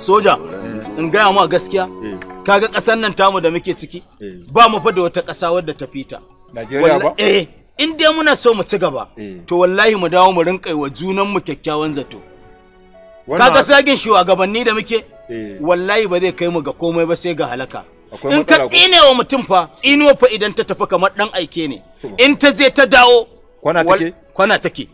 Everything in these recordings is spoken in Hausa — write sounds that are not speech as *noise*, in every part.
soja eh. in gaya ma gaskiya eh. kaga ƙasar nan tamu da muke ciki eh. ba mu fa da wata ƙasa wadda ta fita Najeriya ba eh in dai muna so mu ci gaba to wallahi mu dawo mu rinƙa wa junan mu kyakkyawan zato kaga sagin shugabanni da muke wallahi ba zai kai mu ga komai ba sai ga halaka in ka tsine wa mutum fa tsinuwa fa idan ta tafi kamar dan aike ne in ta je ta dawo kwana take kwana take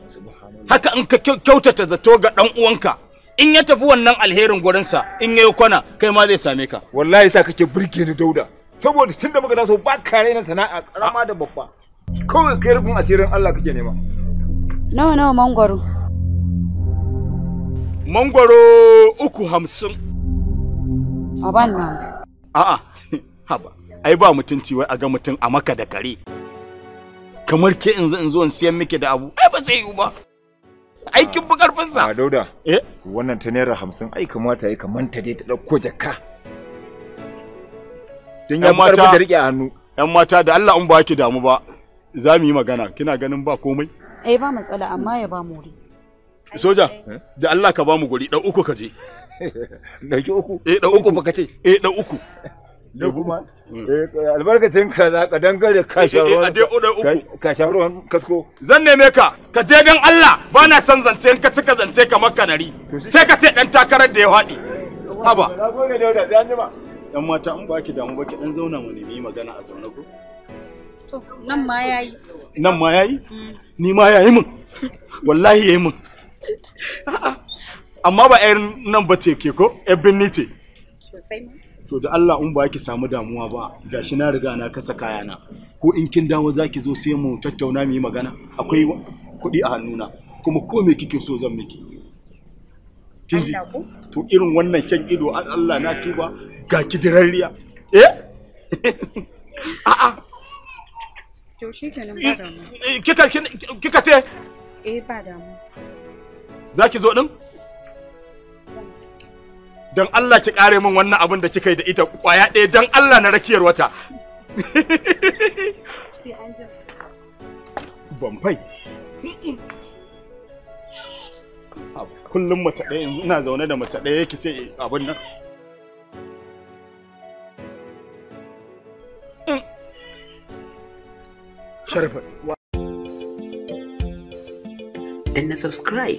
haka in ka kyautata zato ga dan uwanka in ya tafi wannan alherin gurinsa in yayi kwana kai ma zai same ka wallahi sa kake burge ni dauda saboda tun da muka taso ba ka raina sana'a karama da babba kawai kai rufin asirin Allah kake nema nawa nawa mangwaro mangwaro uku hamsin a ban na hamsin a'a *laughs* haba ai ba mutunci wai a ga mutum a maka da kare kamar ke in zo in siyan miki da abu ai ba zai yiwu ba aikin fi karfinsa a dauda eh? wannan ta naira hamsin ai kamata ya kamanta dai ta ɗauko jakka don ya mata da riƙe hannu yan mata da Allah in ba ki damu ba za mu yi magana kina ganin ba komai eh ba matsala amma ya ba muri soja eh? da Allah ka ba mu guri ɗau uku ka je *laughs* ɗauki uku eh ɗau uku ba ka ce eh ɗau uku Lukman. Mm. Eh, albarkacin ka za ka dangare ka eh, sharuwan eh, ka sharuwan kasko. Zan neme ka ka je don Allah ba na son zance ka cika zance kamar kanari sai ka ce dan takarar da ya haɗi. Haba. Dan mata an ba ki damu ba ki dan zauna mu nemi magana a zaune ko. Nan ma yayi. Nan ma yayi? Mm. Ni ma yayi mun Wallahi yayi mun Amma ba 'yan nan ba ce ke ko? 'yan binni ce. Sosai to da Allah in ba ki samu damuwa ba gashi na riga na kasa kayana ko in kin dawo zaki zo sai mu tattauna mu yi magana akwai kuɗi a hannuna kuma ko me kike so zan miki kin ji to irin wannan kyan ido an Allah na tuba ga kidirarriya eh *laughs* a'a to shikenan ba eh, eh, kika kika ce eh ba damu zaki zo din don Allah ki kare min wannan abin da kika yi da ita kwaya ɗaya don Allah na rakiyar wata bamfai kullum mace ɗaya ina zaune da mace ɗaya yake ce abin nan Sharifat. Danna subscribe.